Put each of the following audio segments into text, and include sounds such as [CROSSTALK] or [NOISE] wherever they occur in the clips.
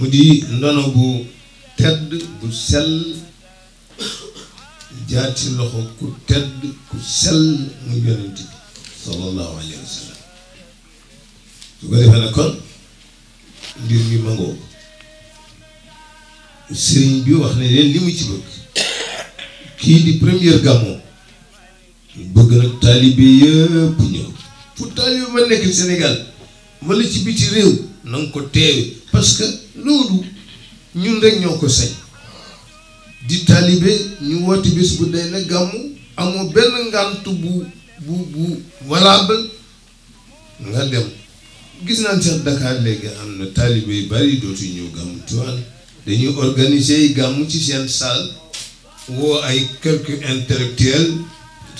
mu di ndono bu tedd bu sell jaar ci loxo ku tedd ku sell mu yonent bi sallallahu alayhi wa su ko defee nag kon mbir mi mangoo sëriñ bi wax ne leen li mu ci bëgg kii di première gàmmoo bëgg nag taalibe yëpp ñëw fu taalibe ma nekk Sénégal wala ci biti réew na ko teewe parce que loolu ñun rek ñoo ko sañ di taalibe ñu woote bis bu day na gàmmu amoo benn ngànt bu bu bu valable nga dem gis naan sax Dakar léegi am na taalibe yu bari dootu ñëw gàmmu Tiwaawan dañuy organiser gàmmu ci seen salle woo ay quelques intellectuels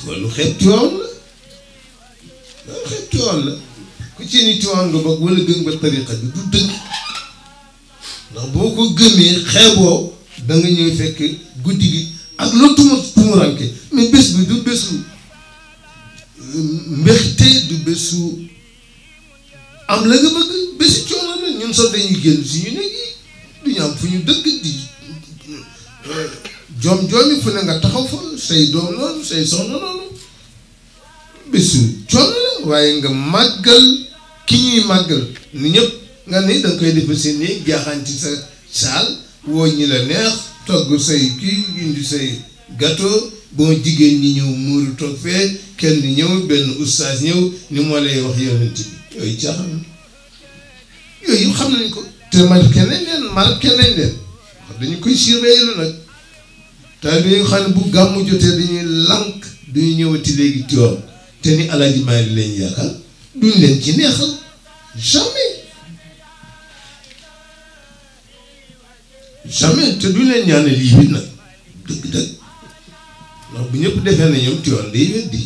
loolu xeet Tiwaawan la loolu xeet Tiwaawan la ku ci ni nga bokk wala gën ba tariqa bi du dëgg boo ko gëmee xeeboo da nga ñëw fekk guddi gi ak loolu tuma tumuranke mais bés bi du bésu mbéxte du bésu am la nga bëgg bésu coono la ñun nga waaye nga màggal ki ñuy màggal ni ñëpp nga ni danga koy defe si nii jaaxanti sa saal woo ñi la neex togg say kii indi say gâteau bon jigéen ñi ñëw muuru toog fee kenn ñëw benn oustaz ñëw ni moo lay wax yonent bi yooyu xam nañ ko te man keneen leen man keneen leen dañu koy surveiller nag taal bi nga xam ne bu gàmmu jotee dañuy lànk duñu ñëwati léegi tiwaam te ni alaaji maa ngi leen yaakaar duñ leen ci neexal jamais te duñ leen ñaanal lii wit nag dëgg-dëgg ndax bu ñëpp defee ne ñoom Tiwaawan day weddi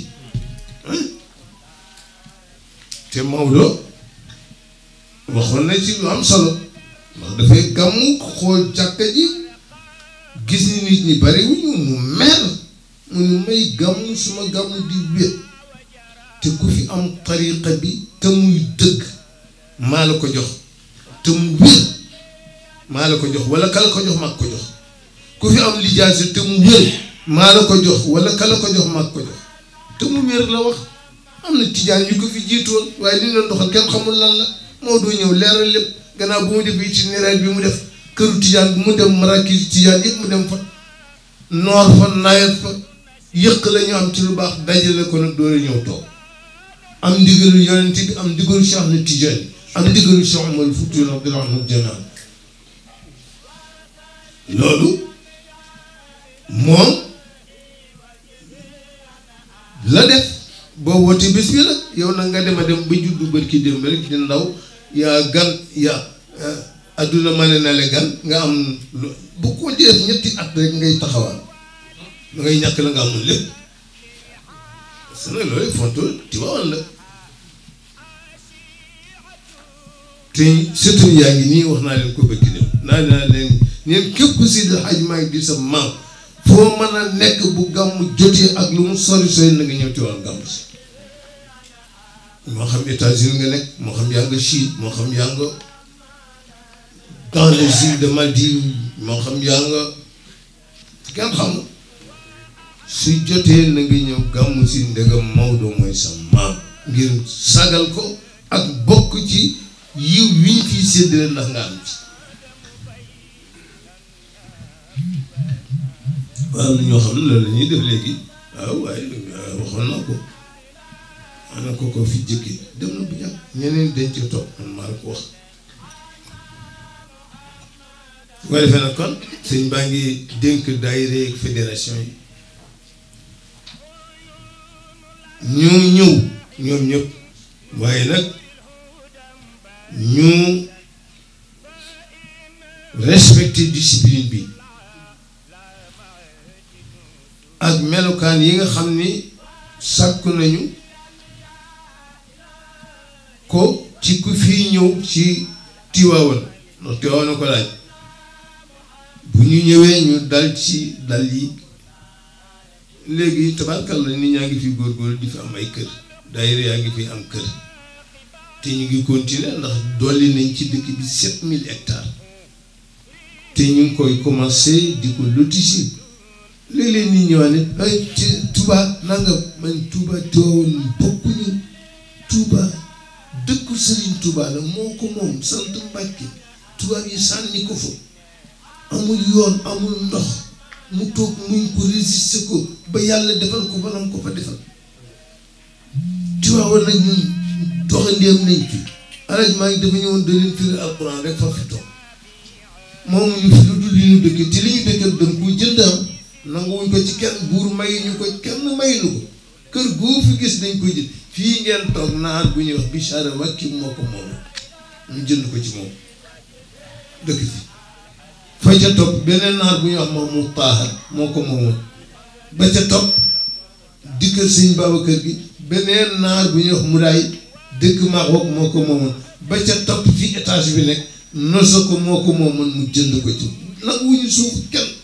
te Maodo waxoon na ci lu am solo ndax dafay gàmmu xool jàkka ji gis ni nit ñi bariwuñu mu mer mu nu may gàmmu suma gàmmu di wét te ku am tariqa bi te muy dëgg maa la ko jox te mu wét maa la ko jox wala kala ko jox mag ko jox ku fi am lijaasi te mu wér maa la ko jox wala kala ko ko jox te mu wér la wax am na tijaan yu ko fi jiitoon waaye li ñu doon doxal kenn xamul lan la moo doo ñëw leeral lépp gannaaw bu mu def itinéraire bi mu def këru tijaan bu mu dem marakis tijaan yëpp mu dem fa noor fa nawet fa yëq la ñu am ci lu baax dajale ko a doole ñëw toog am ndigalu yonent am am ndigalu Cheikh na Tijaan am ndigalu Cheikh Omar Fuutiyu radiyallaahu anhu loolu moom la def boo wootee bés bi la yow nag nga dem a dem ba juddu bët ki dem rek di ndaw yaa gan yaa adduna mane na le gan nga am bu ko def ñetti at rek ngay taxawaan da ñàkk la nga amul lépp parce que loolu fonto tiwaawan la te surtout yaa ngi nii wax naa leen ko bëgg dem naa naa leen neen képp Seydi Hadj Malick di sa maam foo mën a nekk bu gàmmu jotee ak lu mu sori sori na nga ñëw ci gàmmu si moo xam États-Unis nga nekk moo xam yaa nga moo xam yaa nga dans les îles de Maldives moo xam kenn xamul su jotee na nga ñëw gàmmu si ndegam Maodo mooy sa maam ngir sagal ko ak bokk ci yiw wiñ fi séddale ndax nga am ci ba am ñoo xam loolu ñuy def léegi waaw waaye waxoon naa ko ana ko ko fi jëkki dem na bu jàpp ñeneen dañ ci toog man maa la ko wax su ko defee kon sëñ baa ngi dénk daayira ak fédération yi ñoom ñëw ñoom ñëpp waaye nag ñu respecté discipline bi ak melokaan yi nga xam ni sàkku nañu ko ci ku fii ñëw ci Tiwaawan ndax Tiwaawan ko laaj bu ñu ñëwee ñu dal ci dal yi léegi tabarkàlla nit ñaa ngi fi góorgóorlu di fi am ay kër day yaa ngi fi am kër te ñu ngi continuer ndax dolli nañ ci dëkk bi sept mille hectares te ñu ngi koy commencé di ko lotisir léeg-léeg nit ñi wax ne ay ci Touba nangam man Touba teewoon bokkuñu dëkku Serigne Touba la moo ko moom sant Mbàkke tubaab yi sànni ko fa amul yoon amul ndox mu toog muñ ko résister ko ba yàlla defal ko banam ko fa defal Touba war nag ñun doxandéem nañ ci alaj maa ngi dafa fi toog moom ñu fi lu dul li ñu te li ñu dëkkee dañ ko jëndaam nanguwuñ ko ci kenn buur may ñu ko kenn maylu ko kër goo fi gis nañ ko jël fii ngeen toog naar bu ñuy wax Bichara Macky moo ko moom ñu jënd ko bu ñuy wax moom moo ko moomoon ba ca topp dikk sëñ Babacar gi beneen naar bu ñuy wax Muraay dëkk Maroc moo ko moomoon ba ca topp fi étage bi nekk noso ko moo ko moomoon mu jënd ko ci nag wuñu suuf kenn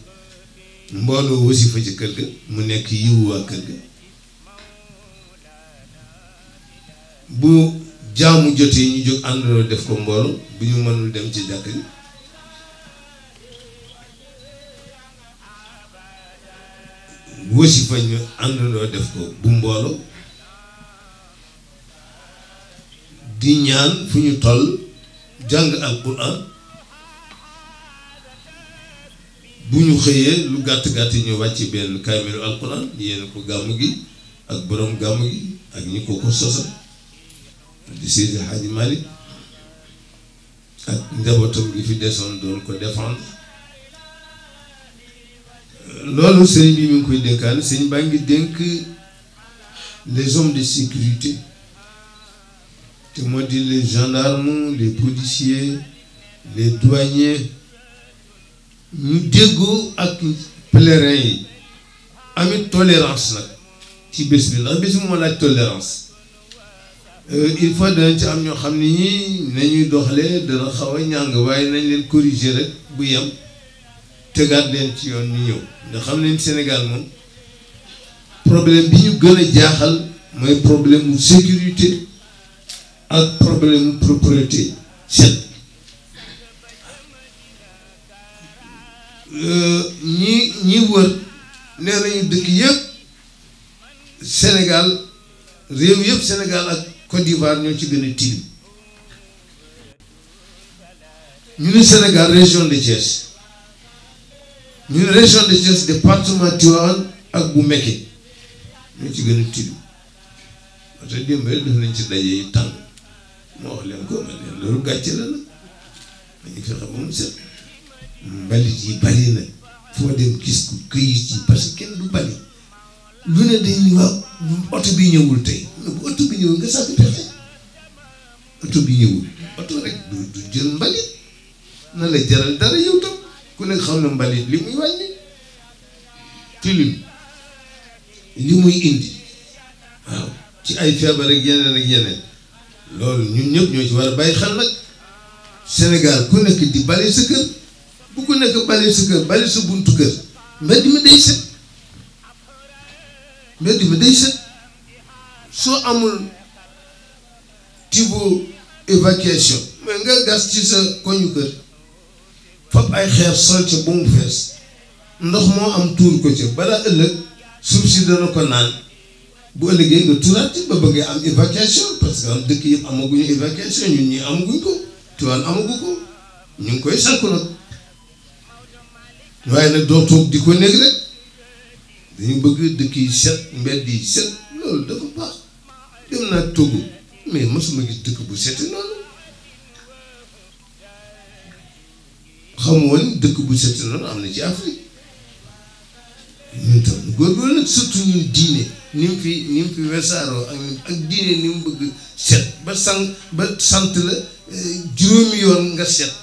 mbooloo wasifa ci kër ga mu nekk yiwu waa kër ga bu jaamu jotee ñu jóg àndandoo def ko mbooloo bu ñu mënul dem ci jàkk ji wasifa ñu àndandoo def ko bu mbooloo di ñaan fu ñu toll jàng alquran bu ñu xëyee lu gàtt gàtt ñu wàcc benn kaamilu alquran yéen ko gàmm gi ak boroom gàmm gi ak ñi ko ko sosa di Seydi Hadji Malick ak njabootam gi fi desoon doon ko défendre loolu sëñ bi ñu ngi koy dénkaane sëñ baa ngi dénk les hommes de sécurité te moo di les gendarmes les policiers les douaniers ñu déggoo ak pèlerins yi amit tolérance la ci bés bi ndax bés bi moo laaj tolérance euh, il faut dana ci am ñoo xam ni ñii nañuy doxalee dana xaw a njàng waaye nañ leen corriger rek bu yem tëggaat leen ci yoon ñu ñëw nga xam ne Sénégal moom problème bi ñu gën a jaaxal mooy problème mu sécurité ak problème propriété Euh, ñi ñi wër nee nañu dëkk yëpp Sénégal réew yëpp Sénégal ak Côte d'Ivoire ñoo ci gën a tilim ñu ne Sénégal région de Thiès ñu ne région de Thiès département Tivaouane ak bu Mekki ñoo ci gën a tilim parce wax leen ko loolu gàcce la nag dañu fexe ba mu set mbalit yi bari na foo dem gis ko këyit yi parce que kenn du bali lu ne dañuy wax oto bi ñëwul tey bu oto bi ñëwul nga sànni pexe oto bi ñëwul oto rek du du jël mbalit na la jaral dara yow tam ku nekk xam na mbalit li muy wàññi tilim li muy indi waaw ci ay feebar ak yeneen ak yeneen loolu ñun ñëpp ñoo ci war a bàyyi xel nag Sénégal ku nekk di bale sa kër. bu ko nekk bale sa kër bale sa buntu kër mbedd mi day set mbedd mi day set soo amul tibo évacuation mais nga gas ci sa koñu kër fab ay xeer sol ca ba fees ndox moo am tuur ko ca balaa ëllëg suuf si ko naan bu ëllëgee nga tuuraat ba bëggee am évacuation parce que am dëkk yëpp amaguñu évacuation ñun ñii amaguñ ko tuwaan amagu ko ñu ngi koy sàkku waaye nag dootu di ko néeg rek dañu bëgg dëkk yi set mbedd yi set loolu dafa baax dem naa Togo mais mosuma gis dëkk bu sete noonu xam dëkk bu sete noonu am na ci Afrique ñun tam góorgóorlu nag surtout ñun diine ni mu fi ni mu fi wesaaroo ak diine ni mu bëgg set ba sant la eh, juróom yoon nga set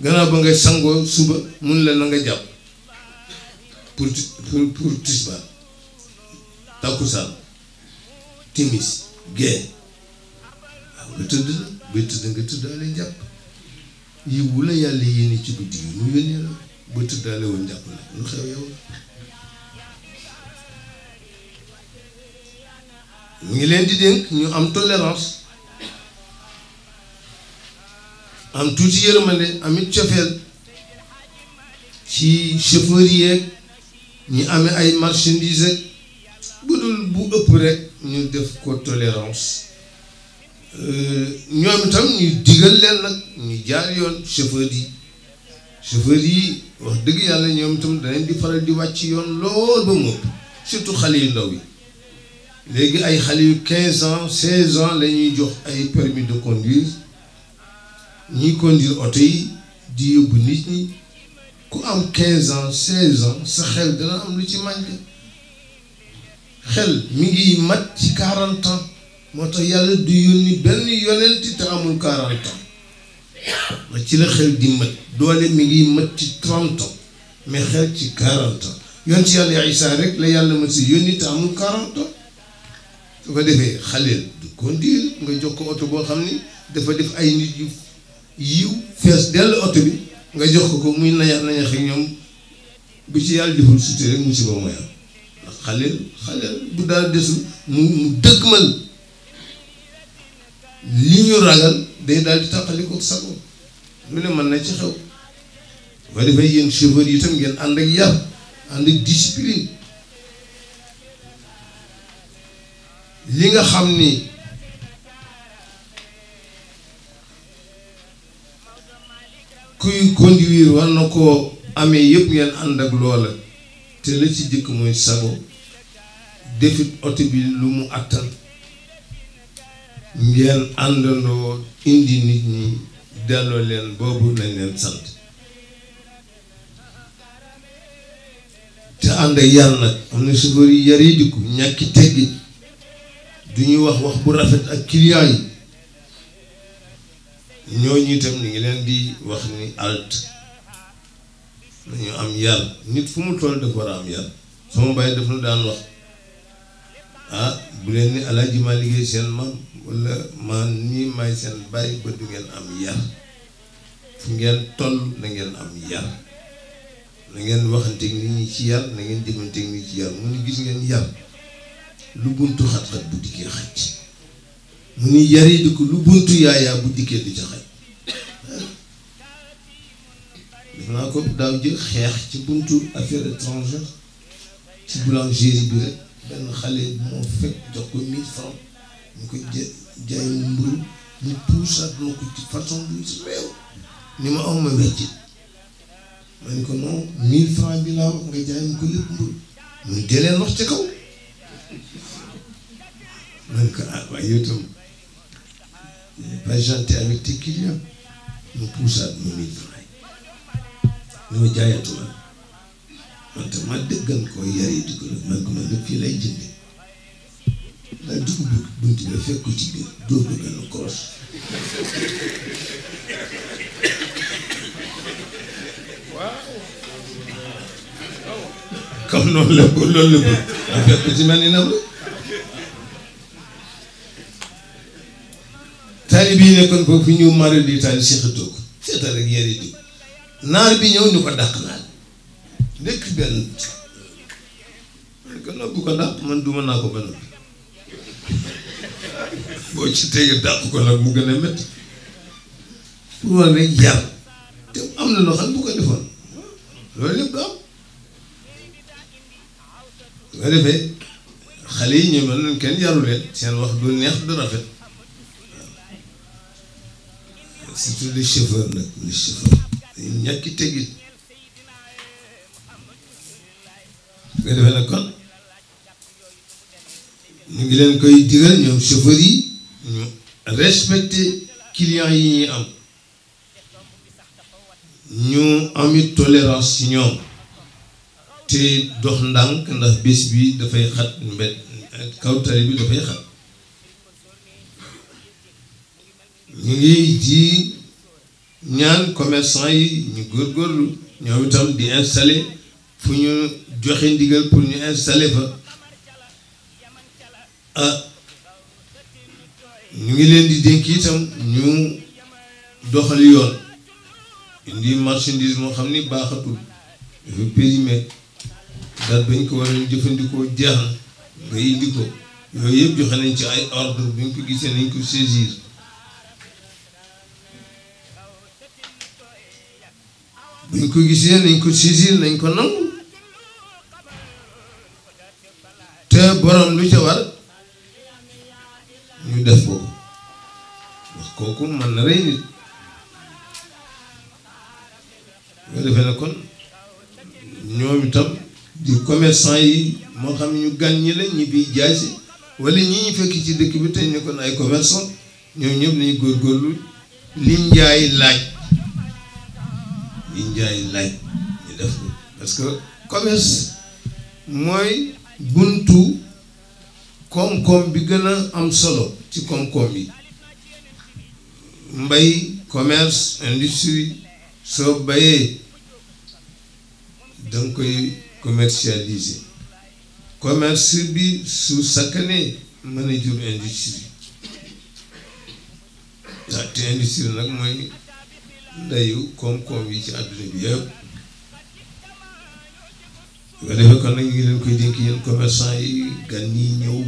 gannaaw ba nga sangoo suba mun la na nga jàpp pour pour pour tisbaar takkusaan timis gee waaw nga tëdd la bay tëdd nga tëddaale jàpp yi wu la yàlla yéene ci guddi yi mu yónnee la ba tëddaale woon la lu xew yow mu ngi leen di dénk ñu am tolérance am tuuti yërmande amit cofeel ci chauffeur yeeg ñu amee ay marchandise bu dul bu ëpp rek ñu def ko tolérance euh, ñoom itam ñu digal leen nag ñu jaar yoon chauffeur yi chauffeur yi wax dëgg yàlla ñoom itam danañ di faral di wàcc yoon lool ba mu ëpp surtout xale yu ndaw yi léegi ay xale yu quinze ans seize ans la ñuy jox ay permis de conduire ñiy conduire oto yi di yóbbu nit ñi ku am quinze ans seize ans sa xel dana am lu ci manqué xel mi ngi mat ci quarante ans moo tax yàlla du yónni benn yonent te amul quarante ans ma ci la xel di mat doole mi ngi mat ci trente ans mais xel ci quarante ans yoon ci yàlla Isaa rek la yàlla ma si yónni te amul quarante ans su ko defee xaleel du conduire nga jox ko oto boo xam ni dafa def ay nit yu yiw fees dell oto bi nga jox ko ko muy nañax nañax ak ñoom bu ci yàlla deful sutura rek mu mooy am ndax xaleel xaleel bu daal desul mu mu dëgg man li ñu ragal day daal di tàqali ko sago lu ne mën na ci xew ba dafay yéen chauffeur yi itam ngeen ànd ak yar ànd ak discipline li nga xam ni kuy conduire war na koo amee yëpp ngeen ànd ak loola te la ci jëkk mooy sago defit oto bi lu mu àttan ngeen àndandoo indi nit ñi delloo leen boobu lañ leen sant te ànd ak yàlla nag am na chauffeur yi yare dikku ñàkki teggi du ñu wax wax bu rafet ak client ñooñu itam ñu ngi leen di wax ni alt nañu am yar nit fu mu toll dafa war a am yar sama bàyyi daf nu daan wax ah, bu leen ni alaaji maa liggéey seen maam wala ma ni may seen bàyyi ba du ngeen am yar fu ngeen toll na ngeen am yar na ngeen nit ñi ci yar na ngeen jëmanteeg nit ñi ci yar mu ni gis ngeen yar lu buntu xat-xat bu dikkee xaj mu ngi yari di ko lu buntu yaayaa bu dikkee du jaxay def naa ko daaw jël xeex ci buntu affaire étrangère ci boulangerie bi rek benn xale moo fekk jox ko mille francs ñu ko jë jaay mu mburu mu puusaat ma ko ci façon bu réew ni ma aw ma weccit ko non mille francs bi wax nga jaay mu ko lépp mburu mu deleen wax ci kaw ma ne ko ah waaye ñu présenté avec tes clients mu puusaat ma mille francs ñu ma jaayatuma man tam ma dëggan koo yari dugal man ko man fii lay jënde laa dugg bunt bi fekk ci biir dóor ko benn koos comme noonu la ko loolu la ko ci mel ni naw taalibe yi nekkoon foofu ñëw mara di taali séqatoo ko seetal rek yare di naar bi ñëw ñu ko dàq naar nekk benn bu ko dàq man duma naa ko ba boo ci tege dàq ko nag mu gën a métti war rek yar te am na loo xam bu ko defoon loolu yëpp yi ñu mel kenn yaru leen seen wax du neex du rafet surtout les chauffeurs nag les chauffeurs dañu ñàkki tegit su ko defee nag kon ñu ngi leen koy digal ñoom chauffeurs yi ñu respecté clients yi ñuy am ñu amit tolérance ci ñoom te dox ndànk ndax bis bi dafay xat mbedd kawtali bi dafay xat ñu ngi ji ñaan commerçant yi ñu góorgóorlu ñoom itam di installé fu ñu joxe ndigal pour ñu installer fa ah, ñu ngi leen di dénk itam ñu doxal yoon indi marchandise moo xam ni baaxatul dafa périmé date bañ ko war a jëfandikoo jeex ba nga indi ko yooyu yëpp joxe nañ ci ay ordre bu ñu ko gisee nañ ko saisir buñ ko gisee lañ ko saisir nañ ko nangu te borom lu ca ñu def ko wax kooku mën na rey nit yoo defee na kon ñoom itam di commerçant yi moo xam ñu gan ñi la ñi biy jaay si wala ñi ñu fekk ci dëkk bi tey nekkoon ay commerçant ñoom ñëpp nañu góorgóorlu liñ jaay laaj yi njaay laaj ñu def ko parce que commerce mooy buntu koom-koom bi gën a am solo ci koom-koom yi mbay commerce industrie soo bayee da koy commercialiser commerce bi su sakkanee mën industrie waaw te industrie nag mooy dayu koom-koom yi ci àdduna bi yëpp yoo defee kon nag ñu ngi leen koy dénk yi gan yi ñëw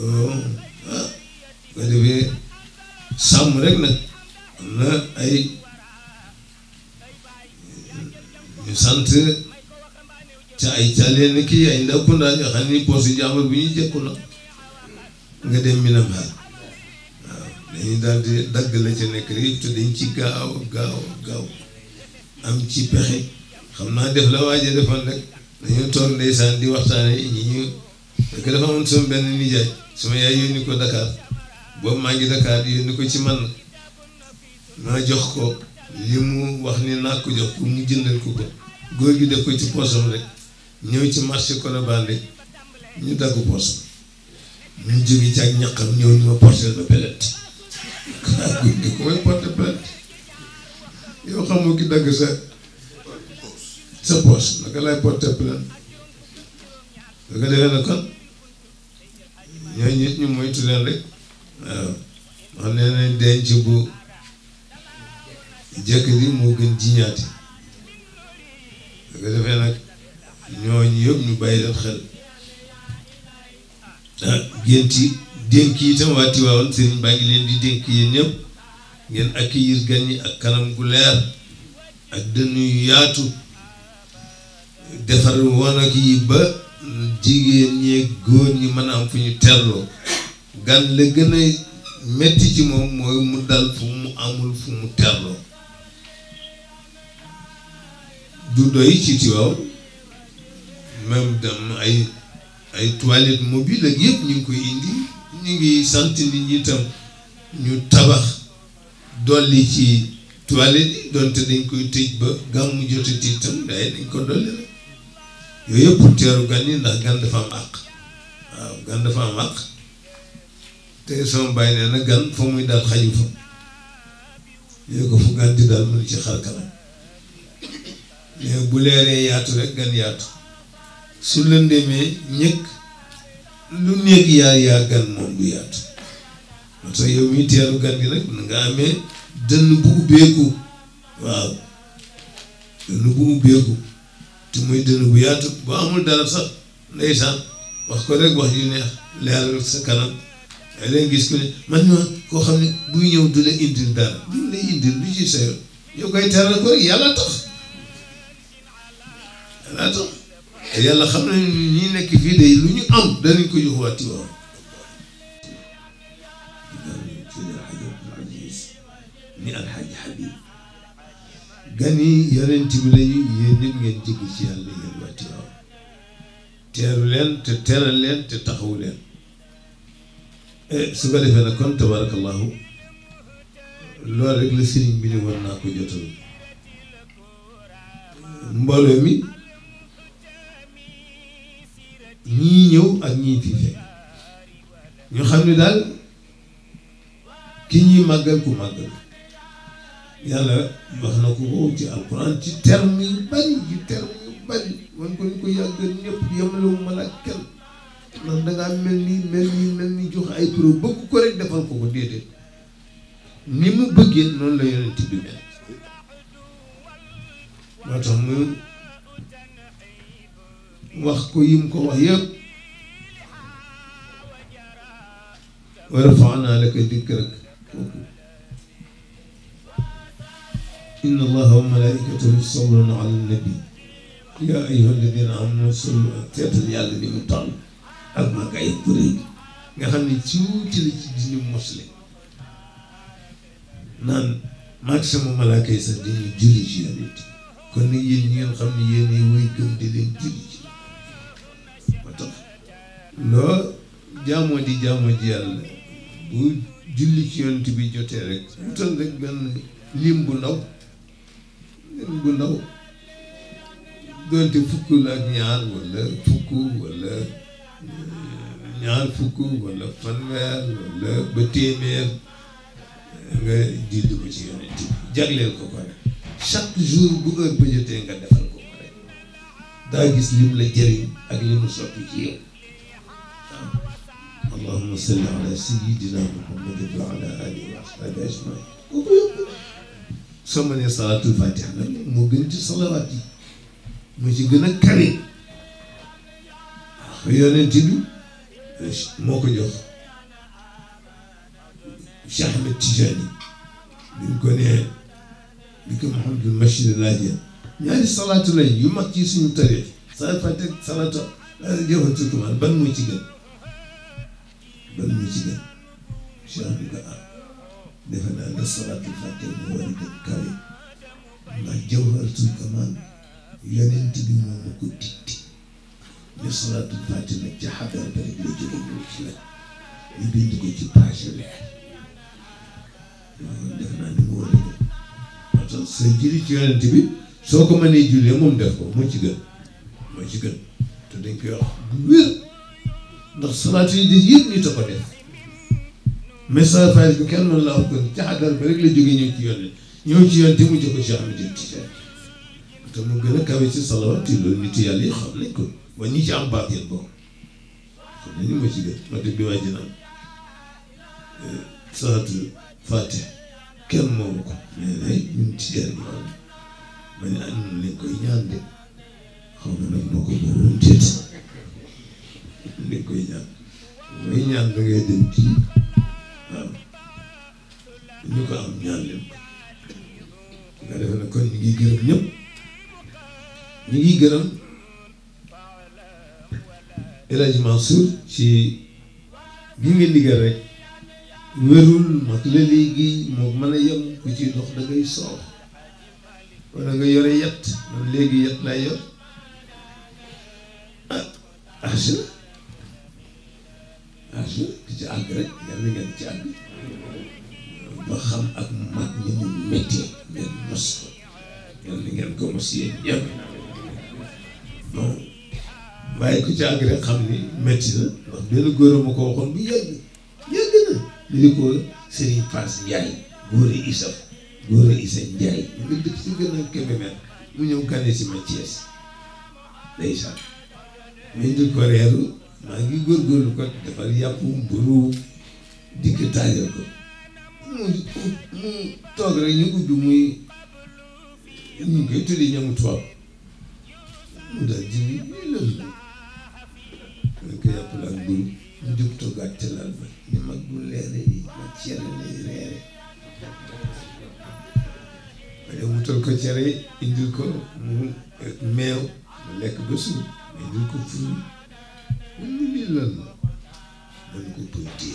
ah, ah yoo rek nag am na ay ñu sant ca ay caaleen kii ay ndaw kundaa ñoo xam ne poos yi jàmbur bu ñuy jëkku la nga dem mi na baal dañuy daal di dagg la ca nekk rek te dañ ci gaaw gaaw gaaw am ci pexe xam naa def la waaje defoon rek dañoo toog ndeysaan di waxtaane ñi ñu sama benn nijaay sama yaay yónni ko Dakar boobu maa ngi Dakar ko ci man maa jox ko mu wax ni naa ko góor gi def ko ci poosam ci marché Colobane ñu dagg poosam ñu jóge ci ak ñaqam ñëw ñu ma porté ma mooy porte plainte yow xamoo ki dagg sa sa poche naka lay porte plainte danga gën jiñaati danga defee nag ñooñu yëpp ñu bàyyi leen xel ah dénk itam waa Tiwaawan sëriñ baa leen di dénk yéen ñëpp ngeen accueillir gan ñi ak kanam gu leer ak dënn yu yaatu defar woon yi ba jigéen ñee góor ñi mën a am fu ñu telloo gan la gën a metti ci moom mooy mu dal fu mu amul fu mu telloo du doy ci Tiwaawan même ay ay toilettes ak yëpp ñu koy indi ñu ngi sant nit ñi itam ñu tabax dolli ci toilette yi donte dañ koy tëj ba gàmmu jotati itam day dañ ko dolli rek yooyu yëpp teeru gan yi ndax gan dafa am àq waaw gan dafa am àq te sama bàyyi nee na gan fa muy daal xaju fa yooyu ko fu gan di daal mënu ci xar kanam mais bu leeree yaatu rek gan yaatu su lëndemee ñëkk lu néeg yaa yaa gan moom du yaatu moo tax yow mii teeru gan gi nag nga amee dënn bu ubbeeku waaw dënn bu ubbeeku te muy dënn bu yaatu boo amul dara sax ndeysaan wax ko rek wax yu neex leeral sa kanam da leen gis ku ne man ma koo xam ne buy ñëw du la indil dara du la indil du ci sa yow koy teral ko rek yàlla tax yàlla tax te yàlla xam nañu ni ñi nekk fii de lu ñu am danañ ko jox waa Tiwaawan ni alxaaj Habib gan yi yonent bi lañu ngeen jëgg ci yàlla yéen waa Tiwaawan teeru leen te teral leen te taxawu leen eh, su ko defee nag kon tabarakallahu loolu rek la sëriñ bi war naa ko jotal mbooloo mi ñii ñëw ak ñii fi fekk ñu xam ne daal ki ñuy màggal ku màggal yàlla wax na ko ci alquran ci terme yu bari ci terme yu bari man ko ñu ko yàggal ñëpp yemalewu ma la kenn ndax dangaa mel ni mel ni mel ni jox ay pro bëgg ko rek defal ko ko déedéet ni mu bëggee noonu la yonent bi mel moo tax mu wax ko yim ko wax yëpp wa rafa'naa laka dikrak kooku inna allaha wa malaa'ikatahu yusalluuna ala nabi yaa ayyuha alladina amanu sallu seetal yàlla ni mu toll ak mag ay kuréel nga xam ne tuuti la ci dindi mosle naan maag sama malaaka yi sax dañuy julli ci yonent kon nag yéen ñi ngeen xam ne yéen ay woy gëm di leen julli loo jaamoo ji jaamoo ji yàlla bu julli ci yonent bi jotee rek wutal rek lim bu ndaw lim bu ndaw doonte fukk ak ñaar wala fukk wala eh, ñaar fukk wala fanweer wala ba téeméer nga julli ko ci yonent bi jagleel ko ko rek chaque jour bu heure ba jotee nga defal ko ko rek daa gis lim la jëriñ ak li mu soppi ci yow allahuma salli ala sayidina muhammadin wa ala alihi wa ashabi ajmain ku ko yóbbu soo ma nee salaatul fatiha nag moo gën ci salawaat yi moo ci gën a kare waaw ah, yonent bi eh, moo ko jox Cheikh Ahmed Tijani bi ñu ko nee bi ko Mouhamadul Machid laajee ñaari salaatu lañ yu mag ci suñu tarix salaatu fatiha salaatu jëfantu tumaan ban moo ci gën loolu ñu ci def am ah, defe naa ne salaatul fàtte mu war a gën kawe ndax jawharatul kamal yonent moom la ko dicté ne salaatul fàtte nag ca xadara ba rek la jóge ko ci a gën parce soo ko mënee jullee moom def moo ci moo ci gën te dañ wax bu wér ndax salaatu yi des yëpp nit a ko def message fayal bi kenn mën laa ko ci xadar rek la jógee ñëw ci yoon ñëw ci yoon te mu jëkko Cheikh Ahmed te mu gën a kawe ci salawaat yi loolu nit yàlla yi ko ba ñi ci am baax yéen boobu ma ci gën ma eh, ko yi ah, ñaan de xaw ma nag moo ko boobu mu li ñaan muy dem ci waaw ñu ko am ñaan leen nga defe ne kon ñu ngi gërëm ñëpp ñu ngi gërëm El Hadj ci gi nga liggéey rek wérul mag la léegi moo mën a yem ku ci dox da ngay soow nga yore yett man léegi yett lay yor ah, ah âge di ci àgg rek yal na ngeen ci àgg ba xam ak mag mu métti ngeen mos ko yal na ngeen ko mos ko waxoon bu yàgg na li ko Serigne Pass Ndiaye góor a Isaf góor a Isa Ndiaye mu ngi dëkk si gën a Kébémer mu ñëw kane si ma Thiès ndeysaan mu indil ko reeru maa ngi góorgóorlu ko defar yàppum mburu dikk taajal ko mu mu toog rek ñu ubbi muy ñu ngi koy tuddee ñamu tubaab mu daal di ni lël ko yàpp la mu jóg togg ak tëlaal ni mag bu leere yi mag cere lay reere waaye wutal ko cere indil ko eh, meew mu lekk ba suur indil ko lu lii lan la dañ ko koy téye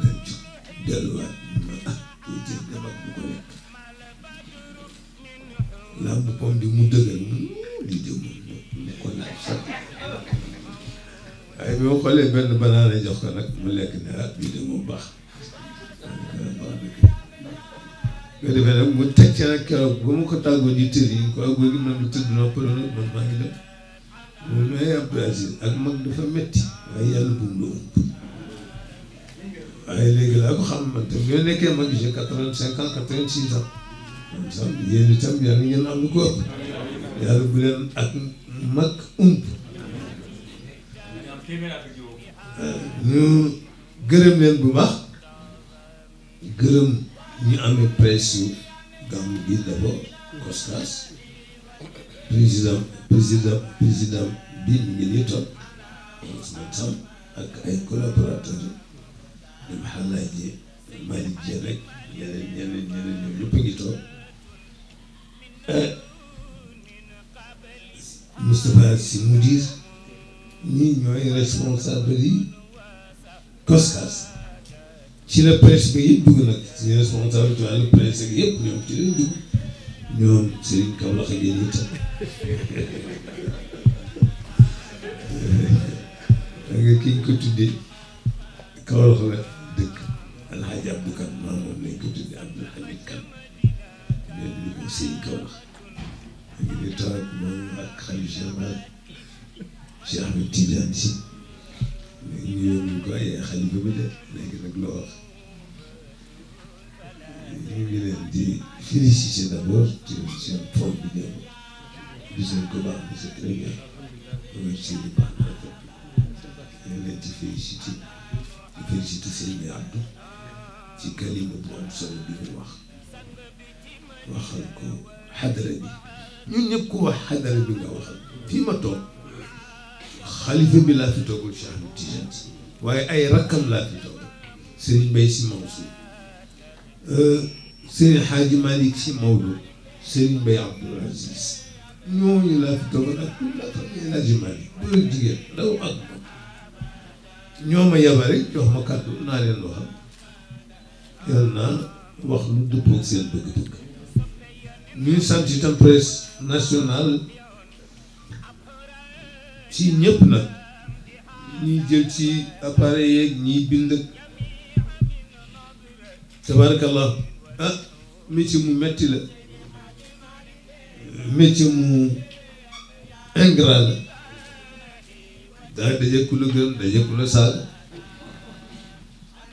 nga jug delluwaat ma ah koy téye jabar bu ko lekk mu dëgër ko laaj sax waaye boo xoolee benn banaana jox ko nag mu lekk ne ah mu teg ci nag keroog ba mu ko tàggoo di yi ko ak gi man mi tëdd noppaloo nag man maa ngi dem loolu mooy Abdoulaziz ak mag dafa metti waaye yàlla bum la ëmb waaye léegi laa ko xam man tam yoo nekkee mag j'ai quatre-vingt-cinq ans quatre-vingt-six ans am sam yéen am lu ko ëpp yàlla bu leen ak mag ëmb ñu gërëm leen bu baax gërëm ñu amee presse yu gàmm gi d'abord Coskas président président président bill Clinton Ousmane Sam ak ay collaborateurs ñoom Alaaji Malick Dia rek ñeneen ñeneen ñeneen ñoom ñëpp a ngi toog eh, Moustapha Sy Moudir ñii ñooy responsable yi COSCAS ci la presse bi yëpp dugg nag ci responsable ci wàllu presse bi yëpp ñoom ci lañ dugg ñoom Serigne Kaw la xëy na itam da nga ki ñu ko tuddee Kaw la xëy dëkk Alhaji Abdou Kan maa moom nañ ko tuddee Abdou Hamid Kan ñoom ñu ko Serigne Kaw la da nga di taw ak moom ak Khalifa général Cheikh Ahmed Tidiane si ñu yóbbu ko ay xalifa bi de léegi nag loo wax ñu ngi leen di. Thierry Cissé d'abord Thierry Cissé am tool bi ñëw gis nañ ko baax na c'est très bien loolu Thierry baax na rafet ñu ngi leen di félicité di félicité seen àddu ci kalima bu am solo bi mu wax waxal ko xadara bi ñun ñëpp ku wax xadara bi nga waxal fii ma toog xalifa bi laa fi toogul Cheikh Ahmed Tidiane waaye ay rakkam laa fi toog Serigne Mbaye Sy Mansour Serigne Hadji Malick Sy Maodo Serigne Mbaye Abdoul Aziz ñooñu laa laa xam ne ak jigéen ndaw ak jox ma kàddu naa leen waxal yal naa wax lu dëppoo seen bëgg-bëgg. ñuy sant itam presse nationale ci ñëpp nag ñuy jël ci appareil yeeg ñiy bind tabaarakallah ah métier mu metti la métier mu ingrat la daje ku la gën daje ku la saal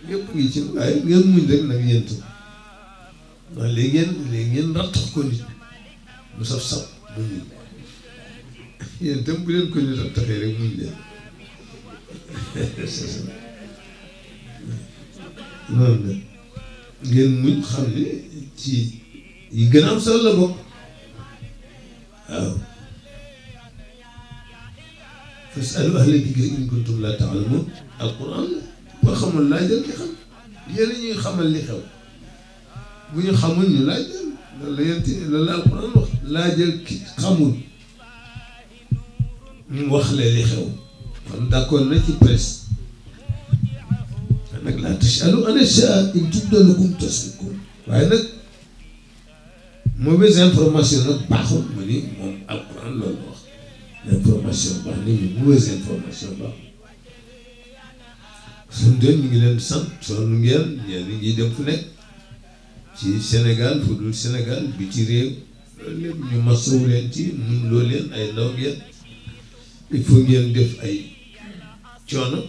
yëpp ngi ci waaye ngeen muñ rek nag yéntu waaye léegi ngeen léegi ngeen rattax ko nit mu saf saf mu muñ yéen tam bu leen ko nit rattaxee rek muñ leen [LAUGHS] noonu ngeen muñ xam ne ci yi gën am solo la bokk waaw fasalu ahla dikri in kuntum laa taalamuun alquran boo xamul laajal ki xam yéen ñuy xamal li xew bu ñu xamul ñu laajal loolu la yéen ti loolu la alquran wax laajal ki xamul mu wax la li xew kon d'accord na ci presse nag laa tasalu ana saa in tubda lakum taslikum waaye nag mauvaise information nag baaxul ma ni moom alquran loolu wax information baaxul suñu den ñu ngi leen sant sonn ngeen ñeen ngi dem fu nekk ci Sénégal fu dul Sénégal bi ci réew loolu lépp ñu masawu leen ci mun loo leen ay ndaw ngeen il ngeen def ay coono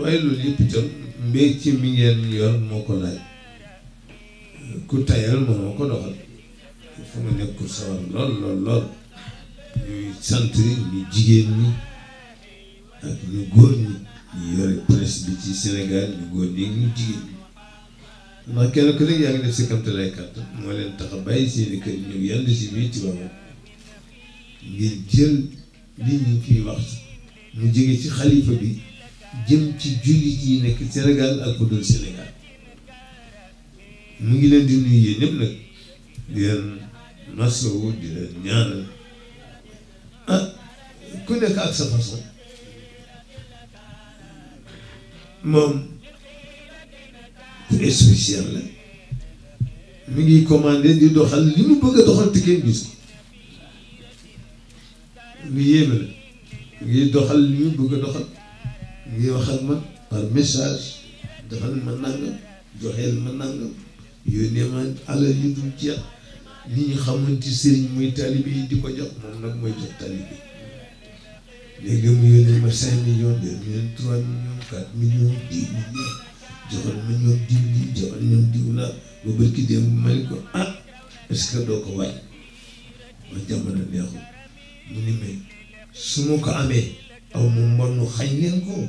waaye loolu yëpp itam mbéy ci mi moo ko laaj ku tayal mënoo ko doxal fu nga nekk ku sawar lool lool ñuy sant ñu jigéen ñi ak ñu góor ñi ñu yore presse bi ci Sénégal ñu góor ñi ak ñu jigéen ñi ndax kenn ku nekk yaa ngi def si kamte moo leen tax a bàyyi seeni kër ñëw yand si biir Tivaouane ngir jël li ñu fiy wax mu jege ci xalifa bi jëm ci jullit yi nekk Sénégal ak ku dul Sénégal mu ngi leen di nuyu yéen ñëpp nag di leen masawu di leen ñaanal ah ku nekk ak sa façon moom spécial la mu ngi commandé di doxal li mu bëgg doxal te kenn gis ko lu yéeme la mu ngi doxal li mu bëgg doxal. ngi wax ak man par message defal ma nangam joxeel ma nangam yónnee ma alal yu dul jeex nit ñi xamoon sëriñ muy talibi yi di ko jox moom nag mooy jox talibi léegi mu yónnee ma cinq millions deux joxal ma ñoom diw lii joxal ba bërki démb ma ne ko ah est que doo ko wàññi ma jamono neexul mu ni may su ma ko amee aw mu mbonnu xañ leen ko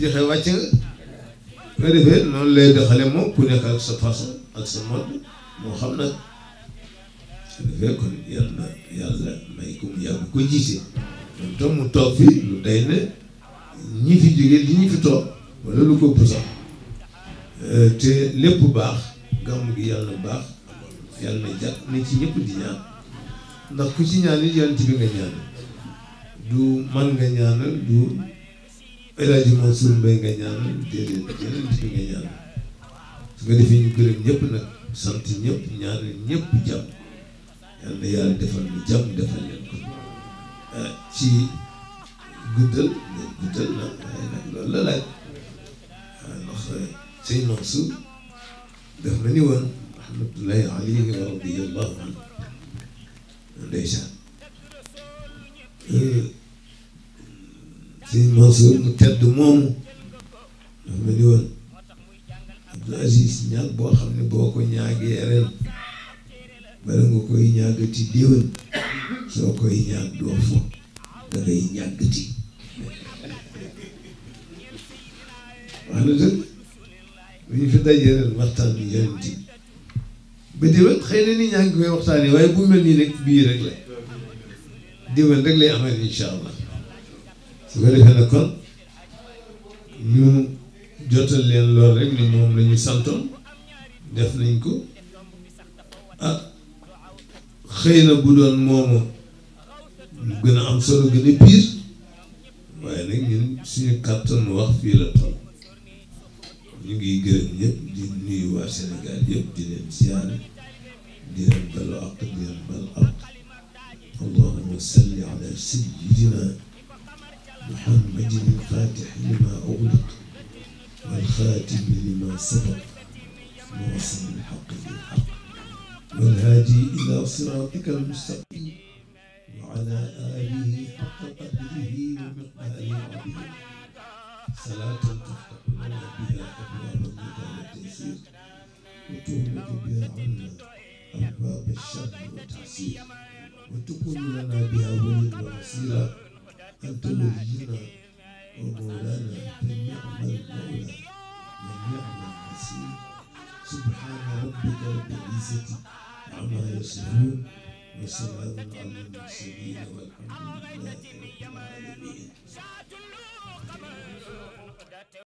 joxe wàcc nga nga defee noonu lay doxale moom ku nekk ak sa façon ak sa mode moo xam nag su defee kon yal na yàlla may ko yàgg ko jiite moom tam mu toog lu day ne ñi fi jóge li ñu fi toog wala lu ko sax euh, te lépp baax gàmm gi yàlla bu baax yàlla na jàpp na ci ñëpp di ñaan ndax ku ci ñaan it yonent bi nga ñaanal du man nga ñaanal du El Hadj Mansour Mbaye nga ñaanal déedéet yeneen nit nga ñaanal su nga defee ñu gërëm ñëpp nag sant ñëpp ñaanal ñëpp jàmm yal na yàlla defal ñu jàmm defal leen ah, ci guddal loolu waaye la laaj ah, ndax eh, sëñ Mansour def sëñ Mansour mu tedd moomu dafa ma ni woon Abdou ñaag boo xam ne boo ko ñaagee ren bala nga koy ñaagati déwén soo koy ñaag doo fo da ngay ñaagati waaye bu mel nii rek bii rek la déwén rek lay amal incha allah su ko defee nag kon ñu jotal leen lool rek ni moom la ñu def nañ ko ah xëy na bu doon moomu gën a am solo gën a piir waaye nag ñun suñu kàttan wax fii la toll ñu ngi gërëm ñëpp di nuyu waa Sénégal yëpp di leen siyaare di leen balu àq di leen balu àq allahumma salli ala sayyidina محمد الفاتح لما أغلق والخاتم لما سبق موصل الحق بالحق والهادي إلى صراطك المستقيم وعلى آله حق قدره ومقداره العظيم صلاة تفتح لنا بها أبواب الرضا والتيسير وتغلق بها عنا أبواب الشر والتعسير وتكون لنا بها ولد ونصيرا أنت نبينا ومولانا فنعم المولى ونعم النصير سبحان ربك رب العزة عما يصفون وسلام على المرسلين والحمد لله رب العالمين